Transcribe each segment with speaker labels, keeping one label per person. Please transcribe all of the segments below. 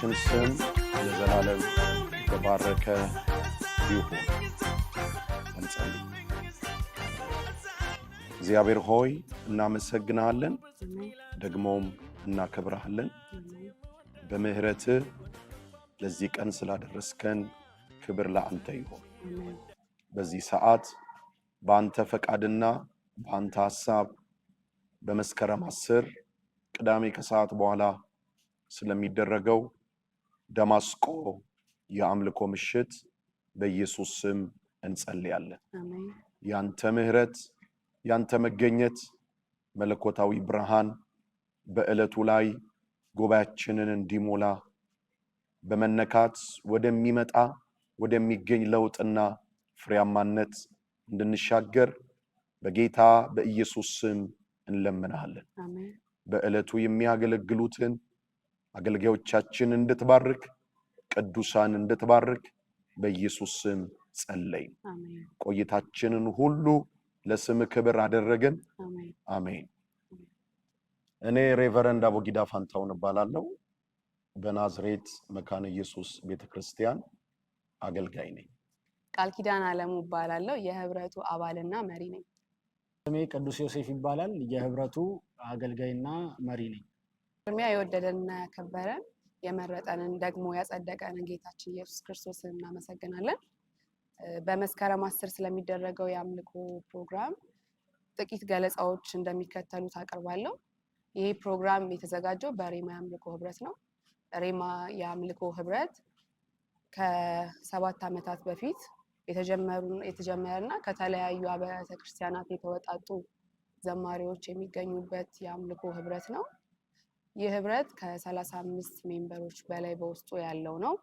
Speaker 1: በአምላካችን ስም ለዘላለም የተባረከ ይሁን። እንጸልይ። እግዚአብሔር ሆይ እናመሰግናለን፣ ደግሞም እናከብረሃለን። በምህረት ለዚህ ቀን ስላደረስከን ክብር ለአንተ ይሆን። በዚህ ሰዓት በአንተ ፈቃድና በአንተ ሀሳብ በመስከረም አስር ቅዳሜ ከሰዓት በኋላ ስለሚደረገው ደማስቆ የአምልኮ ምሽት በኢየሱስ ስም እንጸልያለን። ያንተ ምሕረት፣ ያንተ መገኘት፣ መለኮታዊ ብርሃን በዕለቱ ላይ ጉባኤያችንን እንዲሞላ በመነካት ወደሚመጣ ወደሚገኝ ለውጥና ፍሬያማነት እንድንሻገር በጌታ በኢየሱስ ስም እንለምናለን። በዕለቱ የሚያገለግሉትን አገልጋዮቻችን እንድትባርክ ቅዱሳን እንድትባርክ በኢየሱስ ስም ጸለይን። ቆይታችንን ሁሉ ለስም ክብር አደረግን። አሜን። እኔ ሬቨረንድ አቦጊዳ ፋንታውን እባላለሁ። በናዝሬት መካነ ኢየሱስ ቤተክርስቲያን አገልጋይ ነኝ።
Speaker 2: ቃል ኪዳን አለሙ እባላለሁ። የህብረቱ አባልና መሪ ነኝ።
Speaker 3: ስሜ ቅዱስ ዮሴፍ ይባላል። የህብረቱ አገልጋይና መሪ ነኝ።
Speaker 2: ቅድሚያ የወደደንና ያከበረን የመረጠንን ደግሞ ያጸደቀንን ጌታችን ኢየሱስ ክርስቶስን እናመሰግናለን። በመስከረም አስር ስለሚደረገው የአምልኮ ፕሮግራም ጥቂት ገለጻዎች እንደሚከተሉት አቀርባለሁ። ይህ ፕሮግራም የተዘጋጀው በሬማ የአምልኮ ህብረት ነው። ሬማ የአምልኮ ህብረት ከሰባት ዓመታት በፊት የተጀመረና ከተለያዩ አብያተ ክርስቲያናት የተወጣጡ ዘማሪዎች የሚገኙበት የአምልኮ ህብረት ነው። ይህ ህብረት ከሰላሳ አምስት ሜምበሮች በላይ በውስጡ ያለው ነው።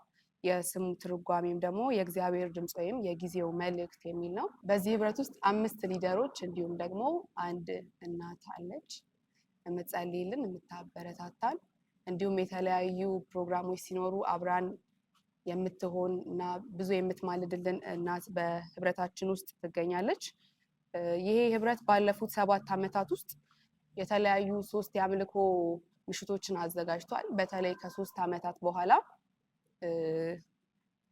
Speaker 2: የስሙ ትርጓሜም ደግሞ የእግዚአብሔር ድምፅ ወይም የጊዜው መልእክት የሚል ነው። በዚህ ህብረት ውስጥ አምስት ሊደሮች እንዲሁም ደግሞ አንድ እናት አለች የምትጸልይልን፣ የምታበረታታን እንዲሁም የተለያዩ ፕሮግራሞች ሲኖሩ አብራን የምትሆን እና ብዙ የምትማልድልን እናት በህብረታችን ውስጥ ትገኛለች። ይሄ ህብረት ባለፉት ሰባት ዓመታት ውስጥ የተለያዩ ሶስት የአምልኮ ምሽቶችን አዘጋጅቷል። በተለይ ከሶስት ዓመታት በኋላ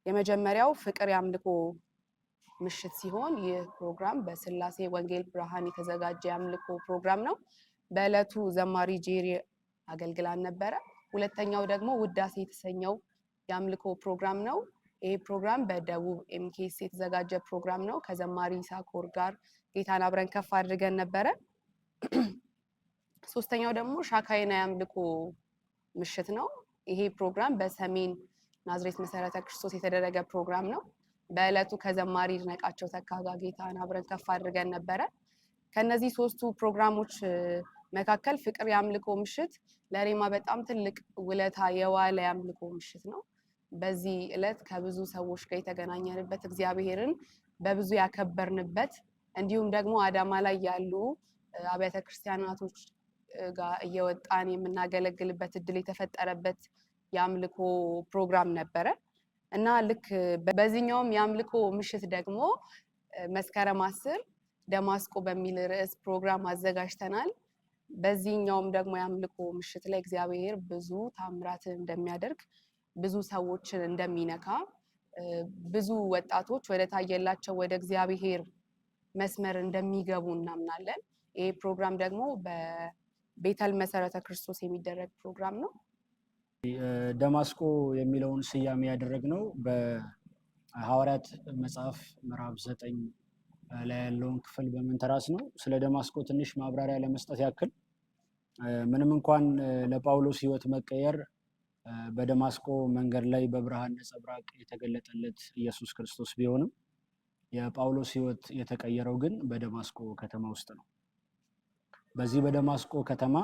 Speaker 2: የመጀመሪያው ፍቅር የአምልኮ ምሽት ሲሆን ይህ ፕሮግራም በስላሴ ወንጌል ብርሃን የተዘጋጀ የአምልኮ ፕሮግራም ነው። በዕለቱ ዘማሪ ጄሪ አገልግላን ነበረ። ሁለተኛው ደግሞ ውዳሴ የተሰኘው የአምልኮ ፕሮግራም ነው። ይህ ፕሮግራም በደቡብ ኤምኬስ የተዘጋጀ ፕሮግራም ነው። ከዘማሪ ሳኮር ጋር ጌታን አብረን ከፍ አድርገን ነበረ። ሶስተኛው ደግሞ ሻካይና ያምልኮ ምሽት ነው። ይሄ ፕሮግራም በሰሜን ናዝሬት መሰረተ ክርስቶስ የተደረገ ፕሮግራም ነው። በዕለቱ ከዘማሪ ድነቃቸው ተካ ጌታን አብረን ከፍ አድርገን ነበረ። ከነዚህ ሶስቱ ፕሮግራሞች መካከል ፍቅር የአምልኮ ምሽት ለሬማ በጣም ትልቅ ውለታ የዋለ የአምልኮ ምሽት ነው። በዚህ ዕለት ከብዙ ሰዎች ጋር የተገናኘንበት እግዚአብሔርን በብዙ ያከበርንበት እንዲሁም ደግሞ አዳማ ላይ ያሉ አብያተ ክርስቲያናቶች ጋር እየወጣን የምናገለግልበት እድል የተፈጠረበት የአምልኮ ፕሮግራም ነበረ እና ልክ በዚህኛውም የአምልኮ ምሽት ደግሞ መስከረም አስር ደማስቆ በሚል ርዕስ ፕሮግራም አዘጋጅተናል። በዚህኛውም ደግሞ የአምልኮ ምሽት ላይ እግዚአብሔር ብዙ ታምራትን እንደሚያደርግ ብዙ ሰዎችን እንደሚነካ ብዙ ወጣቶች ወደ ታየላቸው ወደ እግዚአብሔር መስመር እንደሚገቡ እናምናለን። ይሄ ፕሮግራም ደግሞ ቤተል መሰረተ ክርስቶስ የሚደረግ ፕሮግራም ነው።
Speaker 3: ደማስቆ የሚለውን ስያሜ ያደረግነው በሐዋርያት መጽሐፍ ምዕራፍ ዘጠኝ ላይ ያለውን ክፍል በመንተራስ ነው። ስለ ደማስቆ ትንሽ ማብራሪያ ለመስጠት ያክል ምንም እንኳን ለጳውሎስ ሕይወት መቀየር በደማስቆ መንገድ ላይ በብርሃን ነጸብራቅ የተገለጠለት ኢየሱስ ክርስቶስ ቢሆንም የጳውሎስ ሕይወት የተቀየረው ግን በደማስቆ ከተማ ውስጥ ነው። በዚህ በደማስቆ ከተማ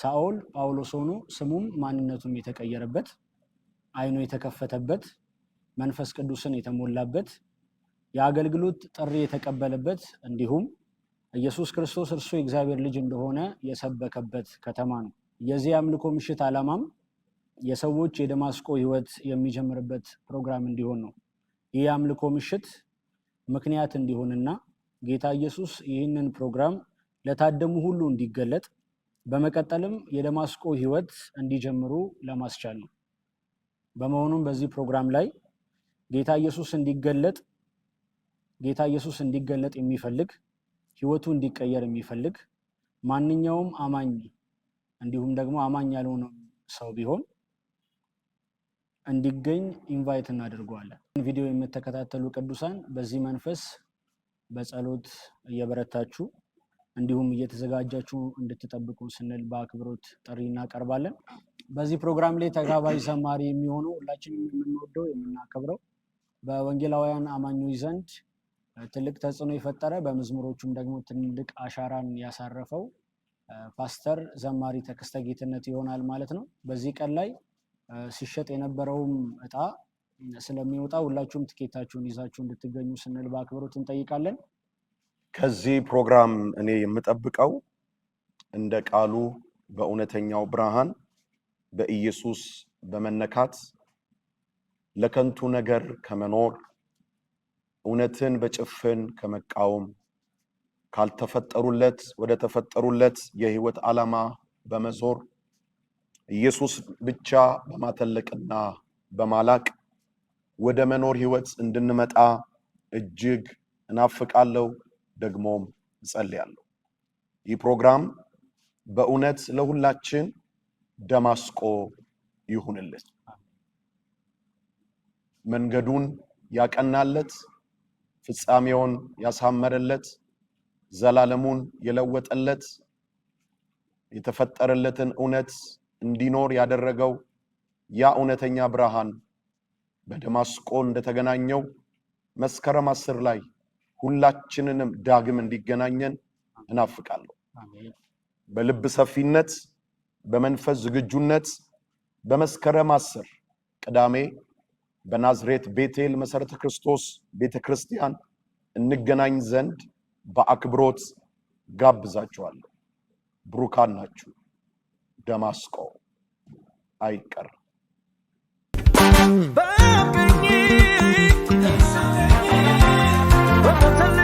Speaker 3: ሳኦል ጳውሎስ ሆኖ ስሙም ማንነቱም የተቀየረበት አይኑ የተከፈተበት መንፈስ ቅዱስን የተሞላበት የአገልግሎት ጥሪ የተቀበለበት እንዲሁም ኢየሱስ ክርስቶስ እርሱ የእግዚአብሔር ልጅ እንደሆነ የሰበከበት ከተማ ነው። የዚህ አምልኮ ምሽት ዓላማም የሰዎች የደማስቆ ሕይወት የሚጀምርበት ፕሮግራም እንዲሆን ነው። ይህ የአምልኮ ምሽት ምክንያት እንዲሆንና ጌታ ኢየሱስ ይህንን ፕሮግራም ለታደሙ ሁሉ እንዲገለጥ በመቀጠልም የደማስቆ ሕይወት እንዲጀምሩ ለማስቻል ነው። በመሆኑም በዚህ ፕሮግራም ላይ ጌታ ኢየሱስ እንዲገለጥ ጌታ ኢየሱስ እንዲገለጥ የሚፈልግ ሕይወቱ እንዲቀየር የሚፈልግ ማንኛውም አማኝ እንዲሁም ደግሞ አማኝ ያልሆነ ሰው ቢሆን እንዲገኝ ኢንቫይት እናደርገዋለን። ቪዲዮ የምትከታተሉ ቅዱሳን በዚህ መንፈስ በጸሎት እየበረታችሁ እንዲሁም እየተዘጋጃችሁ እንድትጠብቁ ስንል በአክብሮት ጥሪ እናቀርባለን። በዚህ ፕሮግራም ላይ ተጋባዥ ዘማሪ የሚሆኑ ሁላችንም የምንወደው የምናከብረው በወንጌላውያን አማኞች ዘንድ ትልቅ ተጽዕኖ የፈጠረ በመዝሙሮቹም ደግሞ ትልቅ አሻራን ያሳረፈው ፓስተር ዘማሪ ተክስተ ጌትነት ይሆናል ማለት ነው። በዚህ ቀን ላይ ሲሸጥ የነበረውም እጣ ስለሚወጣ ሁላችሁም ትኬታችሁን ይዛችሁ እንድትገኙ ስንል በአክብሮት እንጠይቃለን።
Speaker 1: ከዚህ ፕሮግራም እኔ የምጠብቀው እንደ ቃሉ በእውነተኛው ብርሃን በኢየሱስ በመነካት ለከንቱ ነገር ከመኖር እውነትን በጭፍን ከመቃወም ካልተፈጠሩለት ወደ ተፈጠሩለት የህይወት ዓላማ በመዞር ኢየሱስ ብቻ በማተለቅና በማላቅ ወደ መኖር ህይወት እንድንመጣ እጅግ እናፍቃለሁ። ደግሞም እጸልያለሁ። ይህ ፕሮግራም በእውነት ለሁላችን ደማስቆ ይሁንልን፣ መንገዱን ያቀናለት፣ ፍጻሜውን ያሳመረለት፣ ዘላለሙን የለወጠለት፣ የተፈጠረለትን እውነት እንዲኖር ያደረገው ያ እውነተኛ ብርሃን በደማስቆ እንደተገናኘው መስከረም አስር ላይ ሁላችንንም ዳግም እንዲገናኘን እናፍቃለሁ። በልብ ሰፊነት፣ በመንፈስ ዝግጁነት በመስከረም አስር ቅዳሜ በናዝሬት ቤቴል መሰረተ ክርስቶስ ቤተ ክርስቲያን እንገናኝ ዘንድ በአክብሮት ጋብዛችኋለሁ። ብሩካን ናችሁ። ደማስቆ አይቀርም። But what's